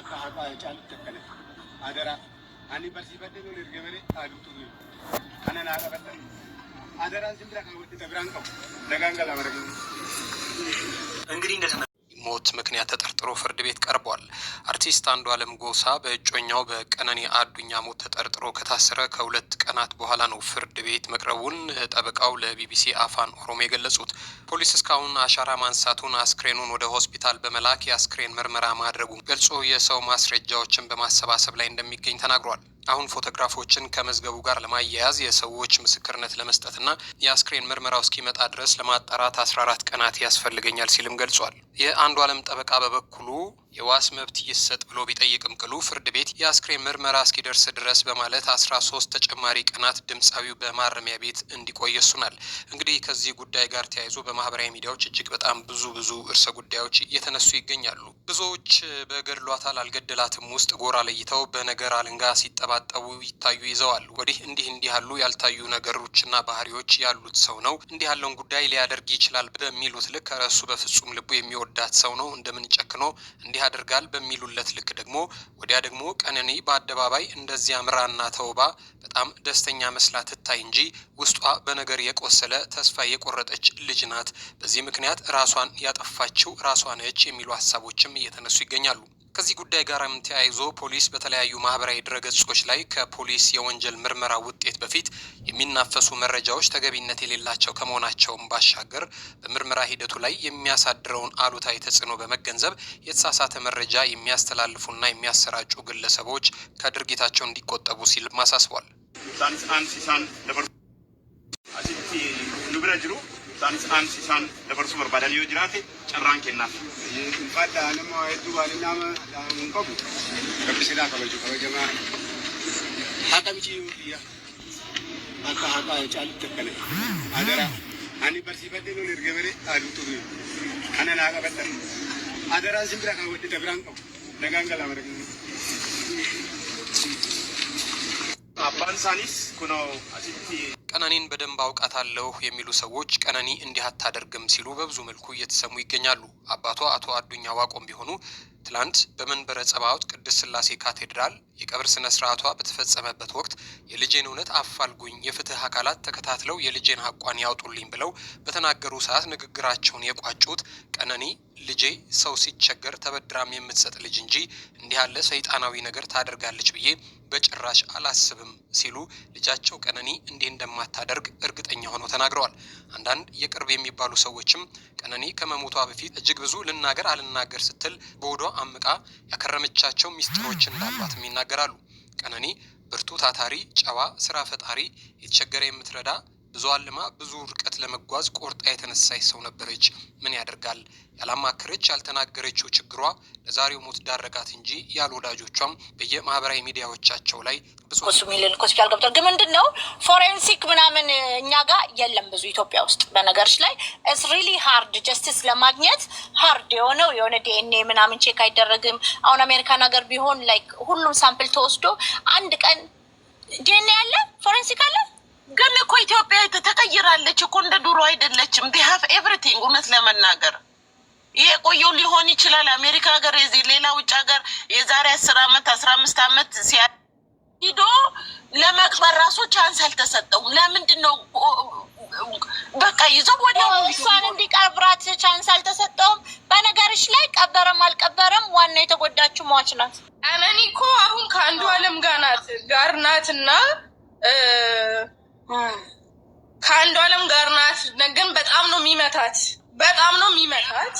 አቃአቃ ጫል ተከለ አደራ አኒ በርሲ በደሉ ለርገበኔ አዱቱ ነው አነና አቀበተ አደራን ዝምብራ ካወጥ ተብራን ነው ደጋንገላ መረገ እንግዲህ እንደተመ ሞት ምክንያት ተጠርጥሮ ፍርድ ቤት ቀርቧል። አርቲስት አንዱ አለም ጎሳ በእጮኛው በቀነኒ አዱኛ ሞት ተጠርጥሮ ከታሰረ ከሁለት ቀናት በኋላ ነው ፍርድ ቤት መቅረቡን ጠበቃው ለቢቢሲ አፋን ኦሮሞ የገለጹት። ፖሊስ እስካሁን አሻራ ማንሳቱን፣ አስክሬኑን ወደ ሆስፒታል በመላክ የአስክሬን ምርመራ ማድረጉን ገልጾ የሰው ማስረጃዎችን በማሰባሰብ ላይ እንደሚገኝ ተናግሯል። አሁን ፎቶግራፎችን ከመዝገቡ ጋር ለማያያዝ የሰዎች ምስክርነት ለመስጠትና የአስክሬን ምርመራው እስኪመጣ ድረስ ለማጣራት አስራ አራት ቀናት ያስፈልገኛል ሲልም ገልጿል። የአንዱ አለም ጠበቃ በበኩሉ የዋስ መብት ይሰጥ ብሎ ቢጠይቅም ቅሉ ፍርድ ቤት የአስክሬን ምርመራ እስኪደርስ ድረስ በማለት አስራ ሶስት ተጨማሪ ቀናት ድምፃዊው በማረሚያ ቤት እንዲቆይ ይወስናል። እንግዲህ ከዚህ ጉዳይ ጋር ተያይዞ በማህበራዊ ሚዲያዎች እጅግ በጣም ብዙ ብዙ እርሰ ጉዳዮች እየተነሱ ይገኛሉ። ብዙዎች በገድሏታል አልገደላትም ውስጥ ጎራ ለይተው በነገር አልንጋ ሲጠባ እየተንጠባጠቡ ይታዩ ይዘዋል። ወዲህ እንዲህ እንዲህ ያሉ ያልታዩ ነገሮችና ባህሪዎች ያሉት ሰው ነው። እንዲህ ያለውን ጉዳይ ሊያደርግ ይችላል በሚሉት ልክ እሱ በፍጹም ልቡ የሚወዳት ሰው ነው እንደምን ጨክኖ እንዲህ አድርጋል በሚሉለት ልክ ደግሞ ወዲያ ደግሞ ቀነኒ በአደባባይ እንደዚህ ምራና ተውባ በጣም ደስተኛ መስላ ትታይ እንጂ ውስጧ በነገር የቆሰለ ተስፋ የቆረጠች ልጅ ናት። በዚህ ምክንያት ራሷን ያጠፋችው ራሷ ነች የሚሉ ሀሳቦችም እየተነሱ ይገኛሉ። ከዚህ ጉዳይ ጋርም ተያይዞ ፖሊስ በተለያዩ ማህበራዊ ድረገጾች ላይ ከፖሊስ የወንጀል ምርመራ ውጤት በፊት የሚናፈሱ መረጃዎች ተገቢነት የሌላቸው ከመሆናቸውም ባሻገር በምርመራ ሂደቱ ላይ የሚያሳድረውን አሉታዊ ተጽዕኖ በመገንዘብ የተሳሳተ መረጃ የሚያስተላልፉና የሚያሰራጩ ግለሰቦች ከድርጊታቸው እንዲቆጠቡ ሲል አሳስቧል። isaan dabarsuu barbaadan yoo jiraate carraan iya, kennaaf. Faddaa nama hedduu baadhinaa hin qabu. Gabbisiidhaa kabaju kabajamaa. Haqa miti yoo biyya. Akka haqaa caalutti akkana. Adara ani barsiifadhee loon erga bare aduu turre. Kana naa qabadha. Adaraan simbira kan wadhita biraan qabu. Nagaan galaa mara Abbaan isaaniis kunoo asitti iya. ቀነኒን በደንብ አውቃታለሁ የሚሉ ሰዎች ቀነኒ እንዲህ አታደርግም ሲሉ በብዙ መልኩ እየተሰሙ ይገኛሉ። አባቷ አቶ አዱኛ ዋቆም ቢሆኑ ትላንት በመንበረ ጸባዖት ቅድስት ስላሴ ካቴድራል የቀብር ስነ ስርዓቷ በተፈጸመበት ወቅት የልጄን እውነት አፋልጉኝ፣ የፍትህ አካላት ተከታትለው የልጄን ሀቋን ያውጡልኝ ብለው በተናገሩ ሰዓት ንግግራቸውን የቋጩት ቀነኒ ልጄ ሰው ሲቸገር ተበድራም የምትሰጥ ልጅ እንጂ እንዲህ ያለ ሰይጣናዊ ነገር ታደርጋለች ብዬ በጭራሽ አላስብም ሲሉ ልጃቸው ቀነኒ እንዲህ እንደማታደርግ እርግጠኛ ሆነው ተናግረዋል። አንዳንድ የቅርብ የሚባሉ ሰዎችም ቀነኒ ከመሞቷ በፊት እጅግ ብዙ ልናገር አልናገር ስትል በወዷ አምቃ ያከረመቻቸው ሚስጥሮች እንዳሏትም ይናገራል። ይናገራሉ። ቀነኒ ብርቱ ታታሪ፣ ጨዋ፣ ስራ ፈጣሪ፣ የተቸገረ የምትረዳ ብዙ አልማ ብዙ ርቀት ለመጓዝ ቆርጣ የተነሳች ሰው ነበረች። ምን ያደርጋል ያላማከረች ያልተናገረችው ችግሯ ለዛሬው ሞት ዳረጋት እንጂ ያሉ ወዳጆቿም በየማህበራዊ ሚዲያዎቻቸው ላይ ብሱ ሚልን ሆስፒታል ገብቷል። ግን ምንድን ነው ፎሬንሲክ ምናምን እኛ ጋር የለም ብዙ ኢትዮጵያ ውስጥ በነገሮች ላይ ኢትስ ሪሊ ሃርድ ጀስቲስ ለማግኘት ሃርድ የሆነው የሆነ ዲኤንኤ ምናምን ቼክ አይደረግም። አሁን አሜሪካን ሀገር ቢሆን ላይክ ሁሉም ሳምፕል ተወስዶ አንድ ቀን ዲኤንኤ አለ ፎሬንሲክ አለ ግን እኮ ኢትዮጵያ ተቀይራለች እኮ እንደ ድሮ አይደለችም። ቢሃፍ ኤቭሪቲንግ እውነት ለመናገር ይሄ ቆየው ሊሆን ይችላል። አሜሪካ ሀገር የዚህ ሌላ ውጭ ሀገር የዛሬ አስር አመት አስራ አምስት አመት ሂዶ ለመቅበር ራሱ ቻንስ አልተሰጠውም። ለምንድን ነው በቃ ይዘው ወደ እሷን እንዲቀብራት ቻንስ አልተሰጠውም። በነገርሽ ላይ ቀበረም አልቀበረም ዋና የተጎዳችው ሟች ናት። አለኒ እኮ አሁን ከአንዱ አለም ጋር ናት ጋር ናት እና ከአንዱ አለም ጋር ናት። ግን በጣም ነው የሚመታት፣ በጣም ነው የሚመታት።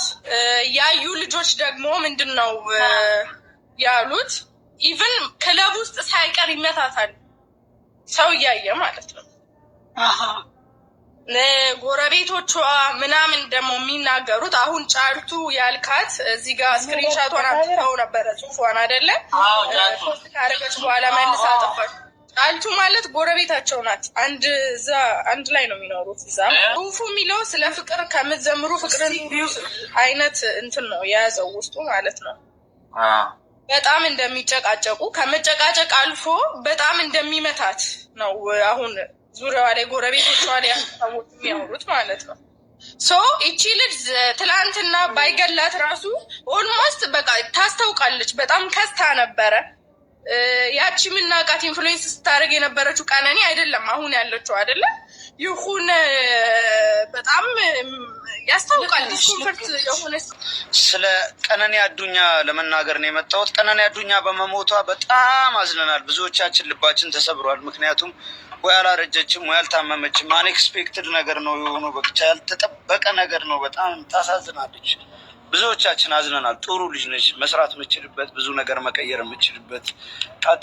ያዩ ልጆች ደግሞ ምንድን ነው ያሉት? ኢቭን ክለብ ውስጥ ሳይቀር ይመታታል፣ ሰው እያየ ማለት ነው። ጎረቤቶቿ ምናምን ደግሞ የሚናገሩት አሁን ጫልቱ ያልካት እዚህ ጋር ስክሪንሻቷን አትተው ነበረ ጽሁፏን አይደለም ፖስት ካደረገች በኋላ መልስ አጠፋች። ጣልቱ ማለት ጎረቤታቸው ናት። አንድ እዛ አንድ ላይ ነው የሚኖሩት። እዛ ጽሁፉ የሚለው ስለ ፍቅር ከምትዘምሩ ፍቅርን አይነት እንትን ነው የያዘው ውስጡ ማለት ነው። በጣም እንደሚጨቃጨቁ ከመጨቃጨቅ አልፎ በጣም እንደሚመታት ነው አሁን ዙሪያዋ ላይ ጎረቤቶቿ ላይ ሰዎች የሚያወሩት ማለት ነው። ሶ ይቺ ልጅ ትላንትና ባይገላት ራሱ ኦልሞስት በቃ ታስታውቃለች። በጣም ከስታ ነበረ ያቺ የምናውቃት ኢንፍሉዌንስ ስታደርግ የነበረችው ቀነኒ አይደለም አሁን ያለችው አይደለም። ይሁን በጣም ያስታውቃል። ዲስኮንፈርት የሆነ ስለ ቀነኒ አዱኛ ለመናገር ነው የመጣሁት። ቀነኒ አዱኛ በመሞቷ በጣም አዝነናል። ብዙዎቻችን ልባችን ተሰብሯል። ምክንያቱም ወይ አላረጀችም ወይ አልታመመችም። አንኤክስፔክትድ ነገር ነው የሆነው። በቻ ያልተጠበቀ ነገር ነው። በጣም ታሳዝናለች። ብዙዎቻችን አዝነናል። ጥሩ ልጅ ነች፣ መስራት የምችልበት ብዙ ነገር መቀየር የምችልበት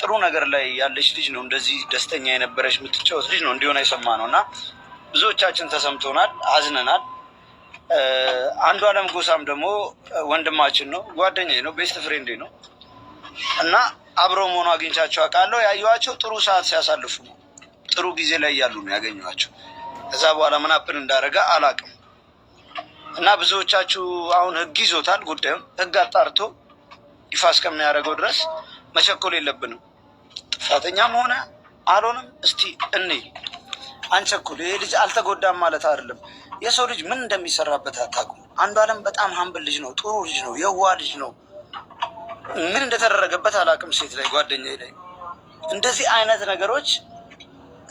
ጥሩ ነገር ላይ ያለች ልጅ ነው። እንደዚህ ደስተኛ የነበረች የምትጫወት ልጅ ነው እንዲሆን አይሰማ ነው እና ብዙዎቻችን ተሰምቶናል፣ አዝነናል። አንዱ አለም ጎሳም ደግሞ ወንድማችን ነው፣ ጓደኛ ነው፣ ቤስት ፍሬንዴ ነው እና አብረው መሆኑ አግኝቻቸው አውቃለሁ። ያየኋቸው ጥሩ ሰዓት ሲያሳልፉ ነው፣ ጥሩ ጊዜ ላይ ያሉ ነው ያገኘኋቸው። ከዛ በኋላ ምናፕን አፕል እንዳደረገ አላውቅም። እና ብዙዎቻችሁ አሁን ህግ ይዞታል ጉዳዩም ህግ አጣርቶ ይፋ እስከምናያደርገው ድረስ መቸኮል የለብንም። ጥፋተኛም ሆነ አልሆንም እስቲ እኔ አንቸኩል። ይሄ ልጅ አልተጎዳም ማለት አይደለም። የሰው ልጅ ምን እንደሚሰራበት አታውቁም። አንዱ አለም በጣም ሀምብል ልጅ ነው፣ ጥሩ ልጅ ነው፣ የዋ ልጅ ነው። ምን እንደተደረገበት አላውቅም። ሴት ላይ ጓደኛ ላይ እንደዚህ አይነት ነገሮች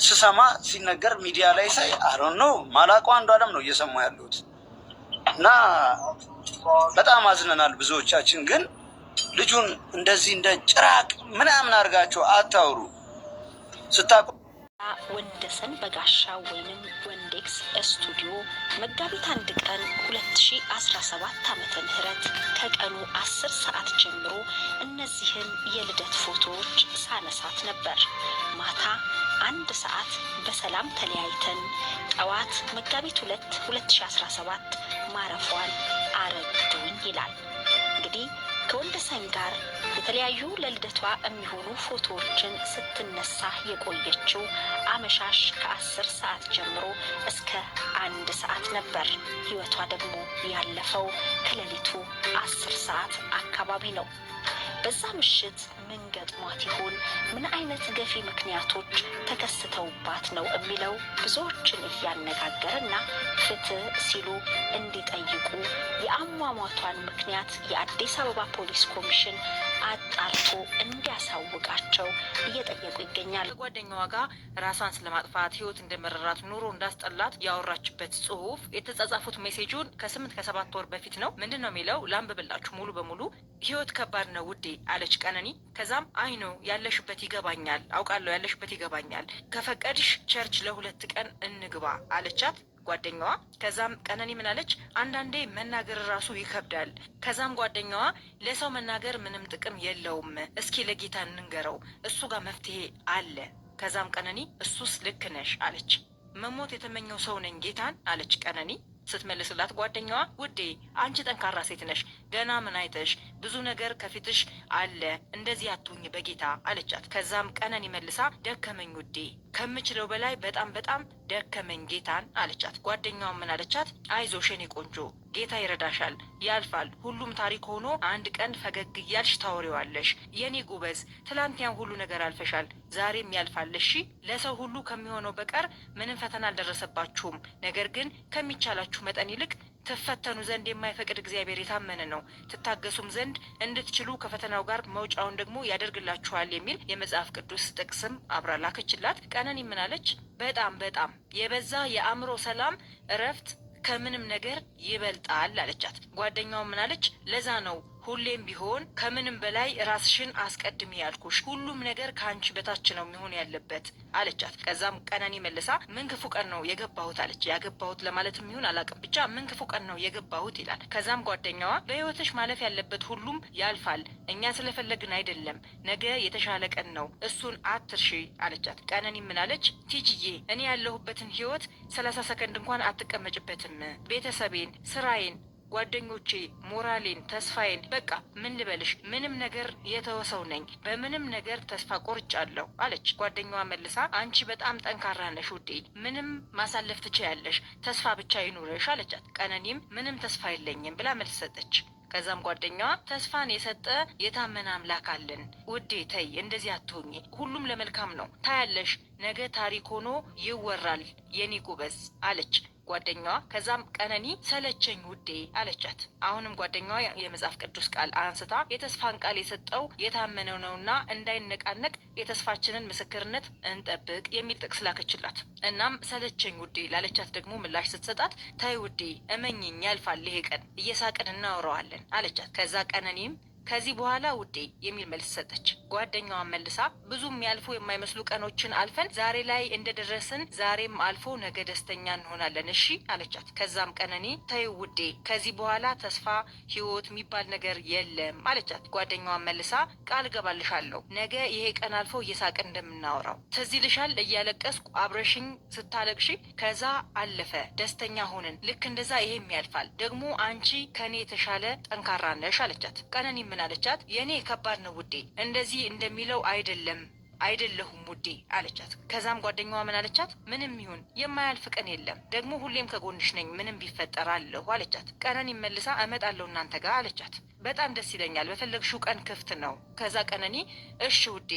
ስሰማ ሲነገር ሚዲያ ላይ ሳይ አሮን ነው ማላውቀው አንዱ አለም ነው እየሰማ ያለሁት እና በጣም አዝነናል። ብዙዎቻችን ግን ልጁን እንደዚህ እንደ ጭራቅ ምናምን አድርጋቸው አታውሩ ስታቆ ወደሰን በጋሻ ወይንም ኤክስ ስቱዲዮ መጋቢት አንድ ቀን 2017 ዓመተ ምህረት ከቀኑ 10 ሰዓት ጀምሮ እነዚህን የልደት ፎቶዎች ሳነሳት ነበር። ማታ አንድ ሰዓት በሰላም ተለያይተን ጠዋት መጋቢት 2 2017 ማረፏን አረዱኝ ይላል እንግዲህ ከወንደሰን ጋር የተለያዩ ለልደቷ የሚሆኑ ፎቶዎችን ስትነሳ የቆየችው አመሻሽ ከአስር ሰዓት ጀምሮ እስከ አንድ ሰዓት ነበር። ህይወቷ ደግሞ ያለፈው ከሌሊቱ አስር ሰዓት አካባቢ ነው። በዛ ምሽት ምን ገጥሟት ይሆን? ምን አይነት ገፊ ምክንያቶች ተከስተውባት ነው የሚለው ብዙዎችን እያነጋገረና ፍትህ ሲሉ እንዲጠይቁ የአሟሟቷን ምክንያት የአዲስ አበባ ፖሊስ ኮሚሽን አጣርቶ እንዲያሳውቃቸው እየጠየቁ ይገኛል። ከጓደኛዋ ጋር ራሷን ስለማጥፋት ህይወት እንደመረራት ኑሮ እንዳስጠላት ያወራችበት ጽሁፍ የተጻጻፉት ሜሴጁን ከስምንት ከሰባት ወር በፊት ነው። ምንድን ነው የሚለው ላንብብላችሁ ሙሉ በሙሉ ህይወት ከባድ ነው ውዴ አለች ቀነኒ። ከዛም አይ ነው ያለሽበት ይገባኛል፣ አውቃለሁ ያለሽበት ይገባኛል፣ ከፈቀድሽ ቸርች ለሁለት ቀን እንግባ አለቻት ጓደኛዋ። ከዛም ቀነኒ ምን አለች? አንዳንዴ መናገር ራሱ ይከብዳል። ከዛም ጓደኛዋ ለሰው መናገር ምንም ጥቅም የለውም፣ እስኪ ለጌታ እንንገረው፣ እሱ ጋር መፍትሄ አለ። ከዛም ቀነኒ እሱስ ልክ ነሽ አለች። መሞት የተመኘው ሰው ነኝ ጌታን አለች ቀነኒ። ስትመልስላት ጓደኛዋ ውዴ አንቺ ጠንካራ ሴት ነሽ፣ ገና ምን አይተሽ ብዙ ነገር ከፊትሽ አለ፣ እንደዚህ አትሁኝ በጌታ አለቻት። ከዛም ቀነኒ መልሳ ደከመኝ ውዴ ከምችለው በላይ በጣም በጣም ደከመኝ ጌታን አለቻት። ጓደኛዋን ምን አለቻት? አይዞሽ የኔ ቆንጆ ጌታ ይረዳሻል፣ ያልፋል። ሁሉም ታሪክ ሆኖ አንድ ቀን ፈገግ እያልሽ ታወሪዋለሽ። የኔ ጉበዝ ትላንት ያን ሁሉ ነገር አልፈሻል፣ ዛሬም ያልፋለሽ። ለሰው ሁሉ ከሚሆነው በቀር ምንም ፈተና አልደረሰባችሁም። ነገር ግን ከሚቻላችሁ መጠን ይልቅ ትፈተኑ ዘንድ የማይፈቅድ እግዚአብሔር የታመነ ነው፣ ትታገሱም ዘንድ እንድትችሉ ከፈተናው ጋር መውጫውን ደግሞ ያደርግላችኋል የሚል የመጽሐፍ ቅዱስ ጥቅስም አብራ ላከችላት። ቀነኒ ምናለች? በጣም በጣም የበዛ የአእምሮ ሰላም እረፍት ከምንም ነገር ይበልጣል አለቻት። ጓደኛው ምናለች? ለዛ ነው ሁሌም ቢሆን ከምንም በላይ ራስሽን አስቀድሚ ያልኩሽ፣ ሁሉም ነገር ከአንቺ በታች ነው የሚሆን ያለበት አለቻት። ከዛም ቀነኒ መልሳ ምን ክፉ ቀን ነው የገባሁት አለች። ያገባሁት ለማለት የሚሆን አላቅም፣ ብቻ ምን ክፉ ቀን ነው የገባሁት ይላል። ከዛም ጓደኛዋ በህይወትሽ ማለፍ ያለበት ሁሉም ያልፋል፣ እኛ ስለፈለግን አይደለም፣ ነገ የተሻለ ቀን ነው፣ እሱን አትርሺ አለቻት። ቀነኒ ምናለች፣ ቲጂዬ እኔ ያለሁበትን ህይወት ሰላሳ ሰከንድ እንኳን አትቀመጭበትም። ቤተሰቤን፣ ስራዬን ጓደኞቼ ሞራሌን፣ ተስፋዬን በቃ ምን ልበልሽ፣ ምንም ነገር የተወሰው ነኝ፣ በምንም ነገር ተስፋ ቆርጫለሁ አለች። ጓደኛዋ መልሳ አንቺ በጣም ጠንካራ ነሽ ውዴ፣ ምንም ማሳለፍ ትችያለሽ፣ ተስፋ ብቻ ይኑረሽ አለቻት። ቀነኒም ምንም ተስፋ የለኝም ብላ መልስ ሰጠች። ከዛም ጓደኛዋ ተስፋን የሰጠ የታመነ አምላክ አለን ውዴ፣ ተይ እንደዚህ አትሆኝ፣ ሁሉም ለመልካም ነው ታያለሽ፣ ነገ ታሪክ ሆኖ ይወራል የኔ ጎበዝ አለች። ጓደኛዋ። ከዛም ቀነኒ ሰለቸኝ ውዴ አለቻት። አሁንም ጓደኛዋ የመጽሐፍ ቅዱስ ቃል አንስታ የተስፋን ቃል የሰጠው የታመነው ነውና እንዳይነቃነቅ የተስፋችንን ምስክርነት እንጠብቅ የሚል ጥቅስ ላከችላት። እናም ሰለቸኝ ውዴ ላለቻት ደግሞ ምላሽ ስትሰጣት ታይ ውዴ እመኝኝ ያልፋል ይሄ ቀን እየሳቅን እናወራዋለን አለቻት። ከዛ ቀነኒም ከዚህ በኋላ ውዴ የሚል መልስ ሰጠች። ጓደኛዋን መልሳ ብዙ የሚያልፉ የማይመስሉ ቀኖችን አልፈን ዛሬ ላይ እንደደረስን ዛሬም አልፎ ነገ ደስተኛ እንሆናለን እሺ አለቻት። ከዛም ቀነኒ ተይ ውዴ፣ ከዚህ በኋላ ተስፋ ህይወት የሚባል ነገር የለም አለቻት። ጓደኛዋ መልሳ ቃል እገባልሻለሁ ነገ ይሄ ቀን አልፎ እየሳቅን እንደምናወራው ትዝ ይልሻል፣ እያለቀስኩ አብረሽኝ ስታለቅሺ፣ ከዛ አለፈ ደስተኛ ሆንን። ልክ እንደዛ ይሄም ያልፋል። ደግሞ አንቺ ከኔ የተሻለ ጠንካራ ነሽ አለቻት። ቀነኒ ምን አለቻት? የእኔ ከባድ ነው ውዴ፣ እንደዚህ እንደሚለው አይደለም አይደለሁም ውዴ አለቻት። ከዛም ጓደኛዋ ምን አለቻት? ምንም ይሁን የማያልፍ ቀን የለም፣ ደግሞ ሁሌም ከጎንሽ ነኝ፣ ምንም ቢፈጠር አለሁ አለቻት። ቀነኒ መልሳ እመጣለሁ እናንተ ጋር አለቻት። በጣም ደስ ይለኛል፣ በፈለግሽው ቀን ክፍት ነው። ከዛ ቀነኒ እሺ ውዴ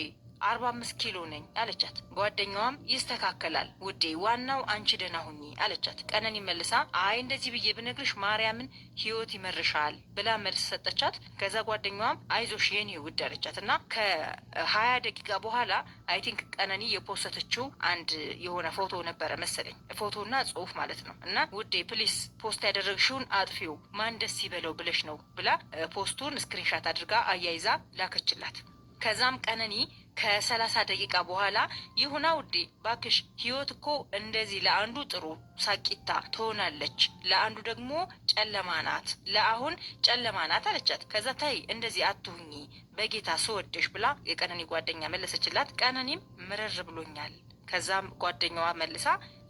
አርባ አምስት ኪሎ ነኝ አለቻት። ጓደኛዋም ይስተካከላል ውዴ፣ ዋናው አንቺ ደህና ሁኚ አለቻት። ቀነኒ መልሳ አይ እንደዚህ ብዬ ብነግርሽ ማርያምን ህይወት ይመርሻል ብላ መልስ ሰጠቻት። ከዛ ጓደኛዋም አይዞሽ የኔ ውድ አለቻት እና ከሀያ ደቂቃ በኋላ አይ ቲንክ ቀነኒ የፖስተችው አንድ የሆነ ፎቶ ነበረ መሰለኝ ፎቶና ጽሁፍ ማለት ነው እና ውዴ ፕሊስ ፖስት ያደረግሽውን አጥፊው ማን ደስ ይበለው ብለሽ ነው ብላ ፖስቱን ስክሪንሻት አድርጋ አያይዛ ላከችላት። ከዛም ቀነኒ ከሰላሳ ደቂቃ በኋላ ይሁና ውዴ ባክሽ፣ ህይወት እኮ እንደዚህ ለአንዱ ጥሩ ሳቂታ ትሆናለች፣ ለአንዱ ደግሞ ጨለማ ናት፣ ለአሁን ጨለማ ናት አለቻት። ከዛ ታይ እንደዚህ አትሁኚ በጌታ ስወደሽ ብላ የቀነኒ ጓደኛ መለሰችላት። ቀነኒም ምርር ብሎኛል። ከዛም ጓደኛዋ መልሳ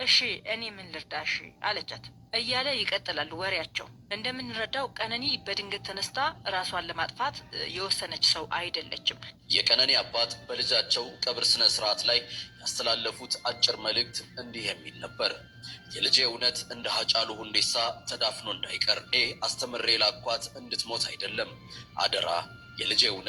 እሺ እኔ ምን ልርዳሽ አለቻት። እያለ ይቀጥላል ወሬያቸው። እንደምንረዳው ቀነኒ በድንገት ተነስታ ራሷን ለማጥፋት የወሰነች ሰው አይደለችም። የቀነኒ አባት በልጃቸው ቀብር ስነ ስርዓት ላይ ያስተላለፉት አጭር መልእክት እንዲህ የሚል ነበር። የልጄ እውነት እንደ ሀጫሉ ሁንዴሳ ተዳፍኖ እንዳይቀር አስተምሬ ላኳት እንድትሞት አይደለም፣ አደራ የልጄ እውነት